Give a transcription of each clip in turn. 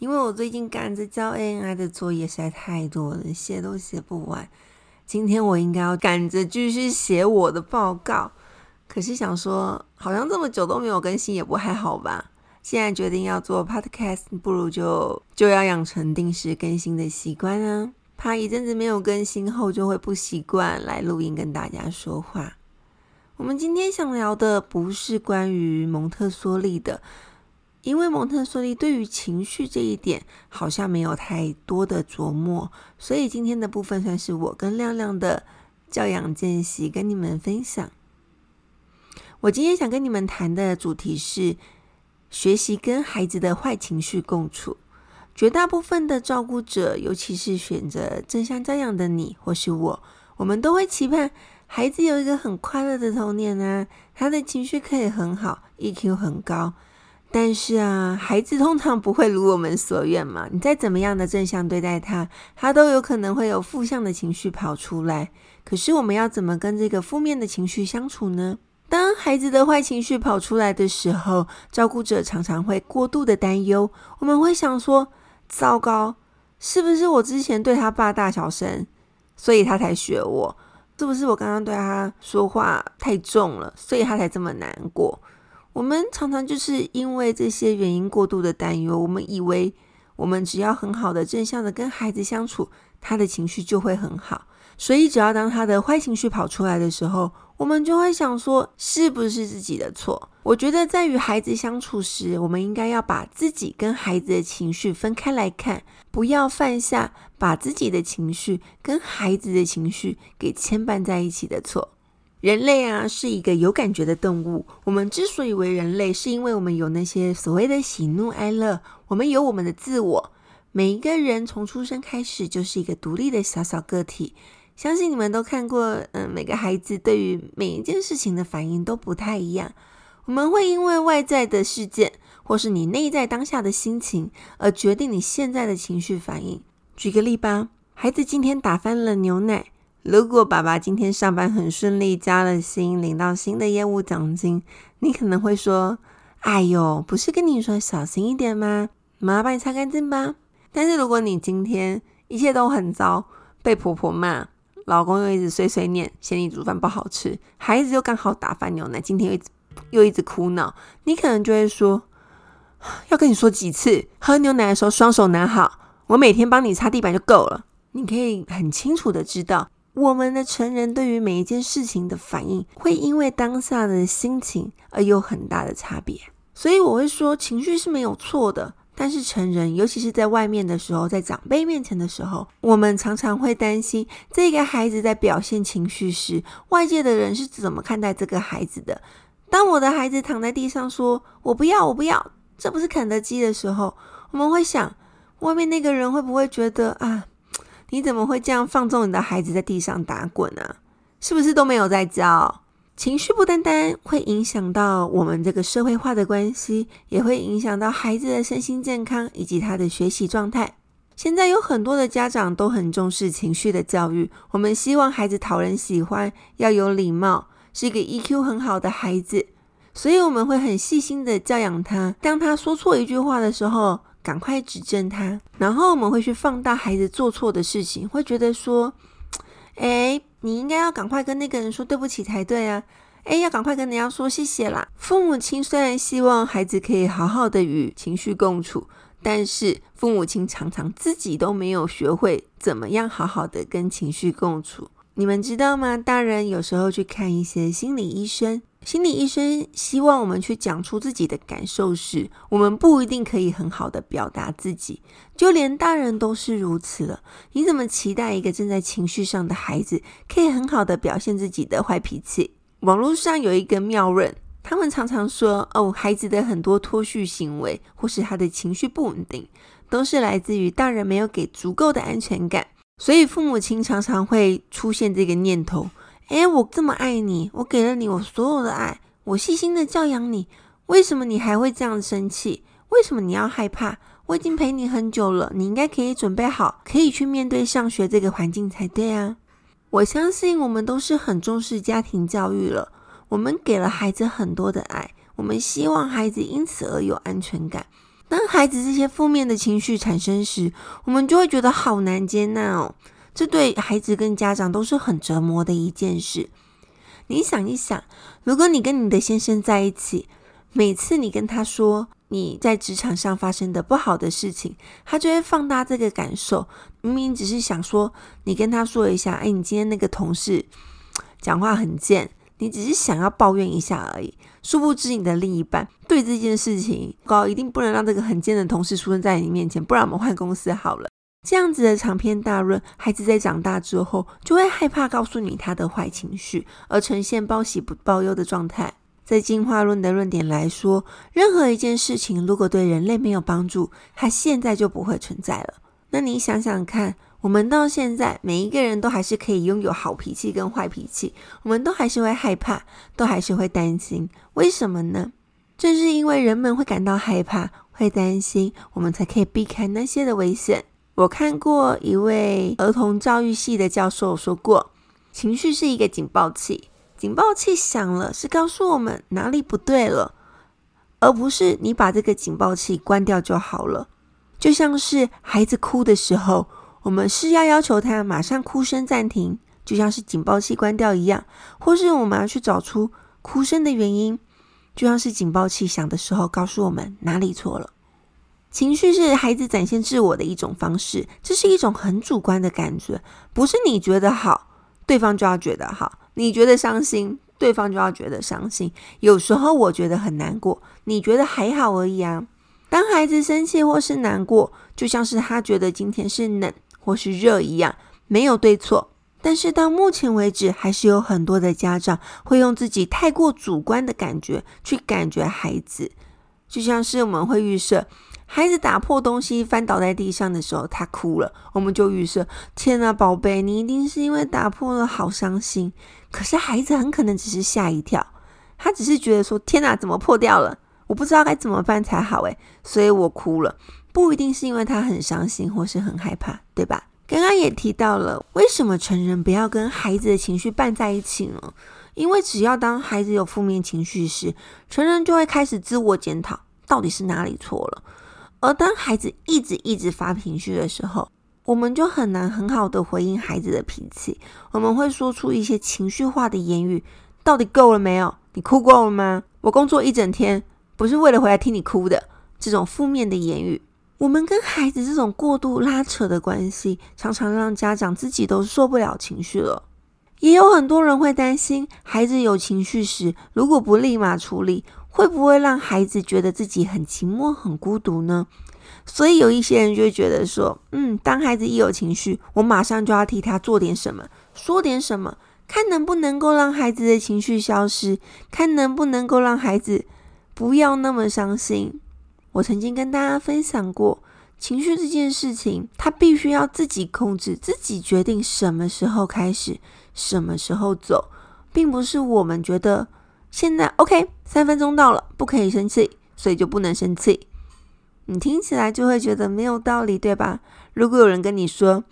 因為我最近趕着交 AI 的作業實在太多了，寫都寫不完。今天我應該要趕着繼續寫我的報告，可是想說，好像這麼久都沒有更新，也不太好吧。現在決定要做 Podcast，不如就就要養成定時更新的習慣啊，怕一陣子沒有更新後就會不習慣來錄音跟大家說話。我們今天想聊的不是關於蒙特梭利的。因為蒙特梭利對於情緒這一點好像沒有太多的琢磨，所以今天的部分算是我跟亮亮的教養練習，跟你們分享。我今天想跟你們談的主題是學習跟孩子的壞情緒共處。絕大部分的照顧者，尤其是選擇正向教養的你或是我，我們都會期盼孩子有一個很快樂的童年啊，他的情緒可以很好，EQ 很高。但是啊，孩子通常不會如我們所願嘛。你再怎麼樣的正向對待他，他都有可能會有負向的情緒跑出來。可是我們要怎麼跟這個負面的情緒相處呢？當孩子的壞情緒跑出來的時候，照顧者常常會過度的擔憂。我們會想說：糟糕，是不是我之前對他爸大小聲，所以他才學我？是不是我剛剛對他說話太重了，所以他才這麼難過？我們常常就是因為這些原因過度的擔憂，我們以為我們只要很好的正向的跟孩子相處，他的情緒就會很好。所以只要當他的壞情緒跑出來的時候，我們就會想說是不是自己的錯。我覺得在與孩子相處時，我們應該要把自己跟孩子的情緒分開來看，不要犯下把自己的情緒跟孩子的情緒給牽絆在一起的錯。人類啊，是一個有感覺的動物。我們之所以為人類，是因為我們有那些所謂的喜怒哀樂，我們有我們的自我。每一個人從出生開始就是一個獨立的小小個體。相信你們都看過，嗯，每個孩子對於每一件事情的反應都不太一樣。我們會因為外在的事件，或是你內在當下的心情，而決定你現在的情緒反應。舉個例吧，孩子今天打翻了牛奶。如果爸爸今天上班很順利，加了薪，領到新的業務獎金，你可能會說：“哎呦，不是跟你說小心一點嗎？媽媽幫你擦乾淨吧。”但是如果你今天一切都很糟，被婆婆罵，老公又一直碎碎念，嫌你煮飯不好吃，孩子又剛好打翻牛奶，今天又一直，又一直哭鬧，你可能就會說：“要跟你說幾次？喝牛奶的時候雙手拿好，我每天幫你擦地板就夠了。”你可以很清楚的知道。我們的成人對於每一件事情的反應，會因為當下的心情而有很大的差別。所以我會說，情緒是沒有錯的。但是成人，尤其是在外面的時候，在長輩面前的時候，我們常常會擔心，這個孩子在表現情緒時，外界的人是怎麼看待這個孩子的。當我的孩子躺在地上說“我不要，我不要”，這不是肯德基的時候，我們會想，外面那個人會不會覺得啊？你怎麼會這樣放縱你的孩子在地上打滾呢、啊？是不是都沒有在教？情緒不單單會影響到我們這個社會化的關係，也會影響到孩子的身心健康以及他的學習狀態。現在有很多的家長都很重視情緒的教育，我們希望孩子討人喜歡，要有禮貌，是一個 EQ 很好的孩子，所以我們會很細心的教養他，當他說錯一句話的時候，趕快指正他，然後我們會去放大孩子做錯的事情，會覺得說：“哎，你應該要趕快跟那個人說對不起才對啊！哎，要趕快跟人家說謝謝啦。”父母親雖然希望孩子可以好好的與情緒共處，但是父母親常常自己都沒有學會怎麼樣好好的跟情緒共處。你們知道嗎？大人有時候去看一些心理醫生，心理醫生希望我們去講出自己的感受時，我們不一定可以很好的表達自己，就連大人都是如此了。你怎麼期待一個正在情緒上的孩子可以很好的表現自己的壞脾氣？網絡上有一個妙論，他們常常說，哦，孩子的很多脫序行為或是他的情緒不穩定，都是來自於大人沒有給足夠的安全感。所以，父母親常常會出現這個念頭，欸，我這麼愛你，我給了你我所有的愛，我細心的教養你，為什麼你還會這樣生氣？為什麼你要害怕？我已經陪你很久了，你應該可以準備好，可以去面對上學這個環境才對啊。我相信我們都是很重視家庭教育了，我們給了孩子很多的愛，我們希望孩子因此而有安全感。當孩子這些負面的情緒產生時，我們就會覺得好難接納哦。這對孩子跟家長都是很折磨的一件事。你想一想，如果你跟你的先生在一起，每次你跟他說你在職場上發生的不好的事情，他就會放大這個感受。明明只是想說，你跟他說一下，哎，你今天那個同事講話很賤。你只是想要抱怨一下而已，殊不知你的另一半對這件事情高，搞一定不能讓這個很賤的同事出現在你面前，不然我們換公司好了。這樣子的長篇大論，孩子在長大之後就會害怕告訴你他的壞情緒，而呈現報喜不報憂的狀態。在進化論的論點來說，任何一件事情如果對人類沒有幫助，它現在就不會存在了。那你想想看。我們到現在每一個人都還是可以擁有好脾氣跟壞脾氣，我們都還是會害怕，都還是會擔心，為什麼呢？正是因為人們會感到害怕，會擔心，我們才可以避開那些的危險。我看過一位兒童教育系的教授說過，情緒是一個警報器，警報器響了是告訴我們哪裡不對了，而不是你把這個警報器關掉就好了。就像是孩子哭的時候。我們是要要求他馬上哭聲暫停，就像是警報器關掉一樣；或是我們要去找出哭聲的原因，就像是警報器響的時候告訴我們哪裡錯了。情緒是孩子展現自我的一種方式，這是一種很主觀的感覺，不是你覺得好，對方就要覺得好；你覺得傷心，對方就要覺得傷心。有時候我覺得很難過，你覺得還好而已啊。當孩子生氣或是難過，就像是他覺得今天是冷。或是熱一樣，沒有對錯。但是到目前為止，還是有很多的家長會用自己太過主觀的感覺去感覺孩子，就像是我們會預設，孩子打破東西翻倒在地上的時候，他哭了，我們就預設：天哪，寶貝，你一定是因為打破了，好傷心。可是孩子很可能只是嚇一跳，他只是覺得說：天哪、啊，怎麼破掉了？我不知道該怎麼辦才好，誒。所以我哭了。不一定是因為他很傷心或是很害怕，對吧？剛剛也提到了，為什麼成人不要跟孩子的情緒拌在一起呢？因為只要當孩子有負面情緒時，成人就會開始自我檢討，到底是哪裡錯了。而當孩子一直一直發脾氣的時候，我們就很難很好的回應孩子的脾氣，我們會說出一些情緒化的言語，到底夠了沒有？你哭夠了嗎？我工作一整天，不是為了回來聽你哭的。這種負面的言語。我們跟孩子這種過度拉扯的關係，常常讓家長自己都受不了情緒了。也有很多人會擔心，孩子有情緒時，如果不立馬處理，會不會讓孩子覺得自己很寂寞、很孤獨呢？所以有一些人就會覺得說，嗯，當孩子一有情緒，我馬上就要替他做點什麼，說點什麼，看能不能夠讓孩子的情緒消失，看能不能夠讓孩子不要那麼傷心。我曾經跟大家分享過，情緒這件事情，它必須要自己控制，自己決定什麼時候開始，什麼時候走，並不是我們覺得現在 OK，三分鐘到了，不可以生氣，所以就不能生氣。你聽起來就會覺得沒有道理，對吧？如果有人跟你說，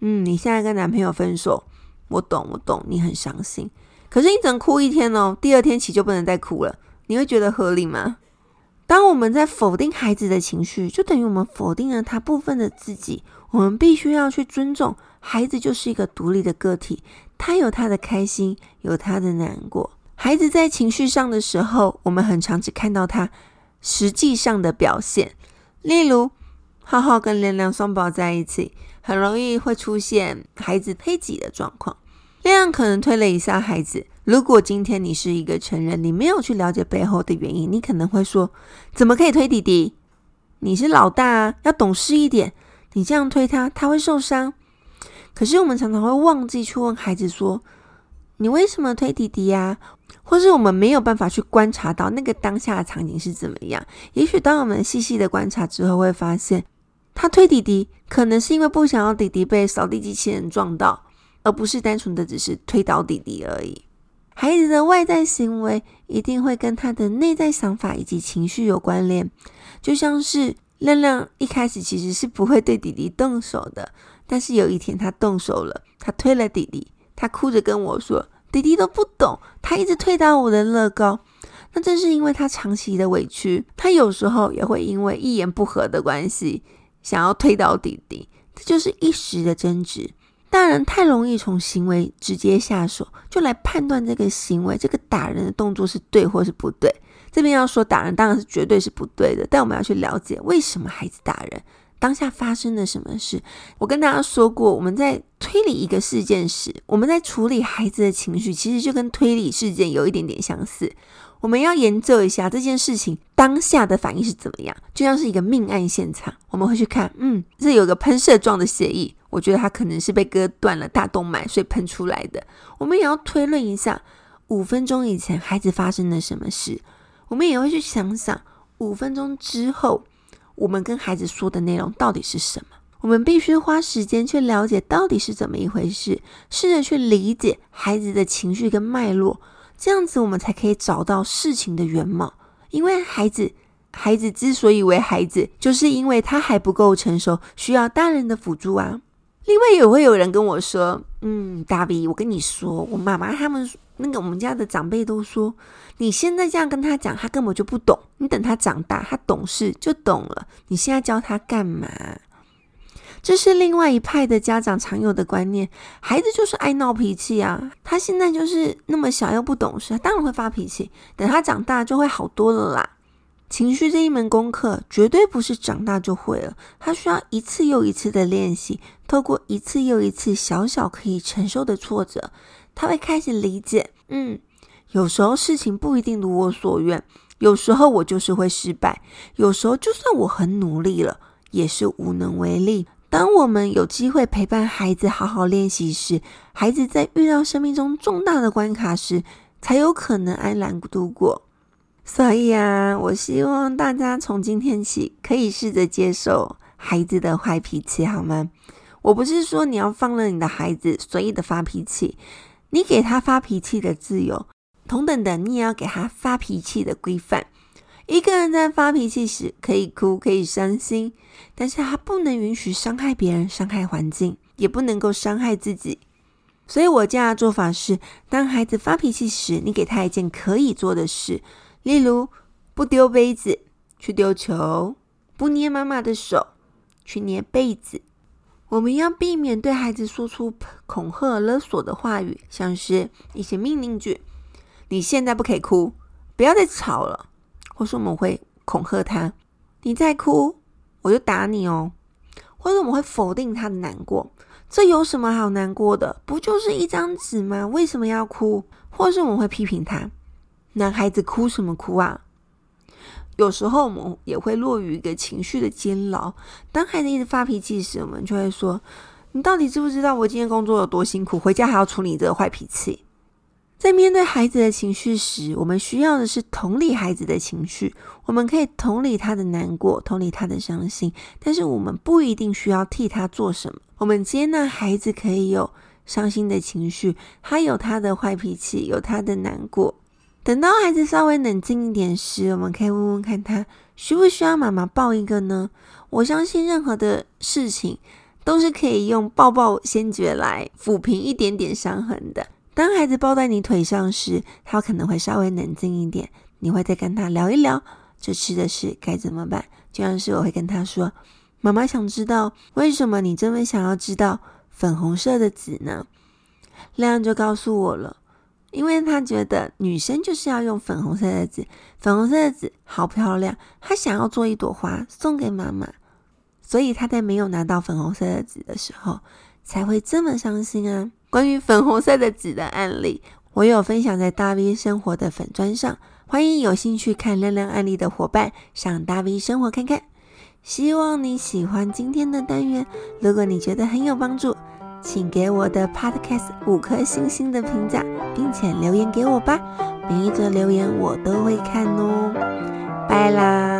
嗯，你現在跟男朋友分手，我懂，我懂，你很傷心，可是你只能哭一天哦，第二天起就不能再哭了，你會覺得合理嗎？當我們在否定孩子的情緒，就等於我們否定了他部分的自己。我們必須要去尊重孩子，就是一個獨立的個體，他有他的開心，有他的難過。孩子在情緒上的時候，我們很常只看到他實際上的表現。例如，浩浩跟亮亮雙寶在一起，很容易會出現孩子推擠的狀況。亮亮可能推了一下孩子。如果今天你是一個成人，你沒有去了解背後的原因，你可能會說：“怎麼可以推弟弟？你是老大啊，要懂事一點。你這樣推他，他會受傷。”可是我們常常會忘記去問孩子說：“你為什麼推弟弟呀？”或是我們沒有辦法去觀察到那個當下的場景是怎麼樣。也許當我們細細的觀察之後，會發現他推弟弟，可能是因為不想要弟弟被掃地機器人撞到，而不是單純的只是推倒弟弟而已。孩子的外在行為一定會跟他的內在想法以及情緒有關聯，就像是亮亮一開始其實是不會對弟弟動手的，但是有一天他動手了，他推了弟弟，他哭着跟我說：“弟弟都不懂，他一直推倒我的樂高。”那正是因為他長期的委屈，他有時候也會因為一言不合的關係想要推倒弟弟，這就是一時的爭執。大人太容易從行為直接下手，就來判斷這個行為，這個打人的動作是對或是不對。這邊要說打人當然是絕對是不對的，但我們要去了解為什麼孩子打人，當下發生了什麼事。我跟大家說過，我們在推理一個事件時，我們在處理孩子的情緒，其實就跟推理事件有一點點相似。我們要研究一下這件事情當下的反應是怎麼樣，就像是一個命案現場，我們會去看，嗯，這有個噴射狀的血液。我覺得他可能是被割斷了大動脈，所以噴出來的。我們也要推論一下，五分鐘以前孩子發生了什麼事。我們也會去想想，五分鐘之後我們跟孩子說的內容到底是什麼。我們必須花時間去了解到底是怎麼一回事，試着去理解孩子的情緒跟脈絡，這樣子我們才可以找到事情的原貌。因為孩子，孩子之所以為孩子，就是因為他還不夠成熟，需要大人的輔助啊。另外也會有人跟我說：“嗯，大 V，我跟你說，我媽媽他們那個我們家的長輩都說，你現在這樣跟他講，他根本就不懂。你等他長大，他懂事就懂了。你現在教他幹嘛？這是另外一派的家長常有的觀念：孩子就是愛鬧脾氣啊，他現在就是那麼小又不懂事，他當然會發脾氣。等他長大就會好多了啦。”情緒這一門功課，絕對不是長大就會了，它需要一次又一次的練習。透過一次又一次小小可以承受的挫折，他會開始理解，嗯，有時候事情不一定如我所願，有時候我就是會失敗，有時候就算我很努力了，也是無能為力。當我們有機會陪伴孩子好好練習時，孩子在遇到生命中重大的關卡時，才有可能安然度過。所以啊，我希望大家從今天起可以試着接受孩子的壞脾氣，好嗎？我不是說你要放任你的孩子隨意的發脾氣，你給他發脾氣的自由，同等的，你也要給他發脾氣的規範。一個人在發脾氣時可以哭，可以傷心，但是他不能允許傷害別人、傷害環境，也不能夠傷害自己。所以我這樣的做法是：當孩子發脾氣時，你給他一件可以做的事。例如，不丟杯子去丟球，不捏媽媽的手去捏被子。我們要避免對孩子說出恐嚇、勒索的話語，像是一些命令句：“你現在不可以哭，不要再吵了。”或是我們會恐嚇他：“你再哭，我就打你哦。”或者我們會否定他的難過：“這有什麼好難過的？不就是一張紙嗎？為什麼要哭？”或是我們會批評他。男孩子哭什麼哭啊？有時候我們也會落於一個情緒的監牢。當孩子一直發脾氣時，我們就會說：“你到底知不知道我今天工作有多辛苦？回家還要處理這個壞脾氣。”在面對孩子的情緒時，我們需要的是同理孩子的情緒。我們可以同理他的難過，同理他的傷心，但是我們不一定需要替他做什麼。我們接納孩子可以有傷心的情緒，他有他的壞脾氣，有他的難過。等到孩子稍微冷靜一點時，我們可以問問看他需不需要媽媽抱一個呢？我相信任何的事情都是可以用抱抱先覺來撫平一點點傷痕的。當孩子抱在你腿上時，他可能會稍微冷靜一點。你會再跟他聊一聊這次的事該怎麼辦。就像是我會跟他說：“媽媽想知道為什麼你這麼想要知道粉紅色的紙呢？”亮亮就告訴我了。因為他覺得女生就是要用粉紅色的紙，粉紅色的紙好漂亮，他想要做一朵花送給媽媽，所以他在沒有拿到粉紅色的紙的時候才會這麼傷心啊。關於粉紅色的紙的案例，我有分享在大 V 生活的粉專上，歡迎有興趣看亮亮案例的夥伴上大 V 生活看看。希望你喜歡今天的單元，如果你覺得很有幫助。請給我的 Podcast 五顆星星的評價，並且留言給我吧，每一則留言我都會看哦。拜啦！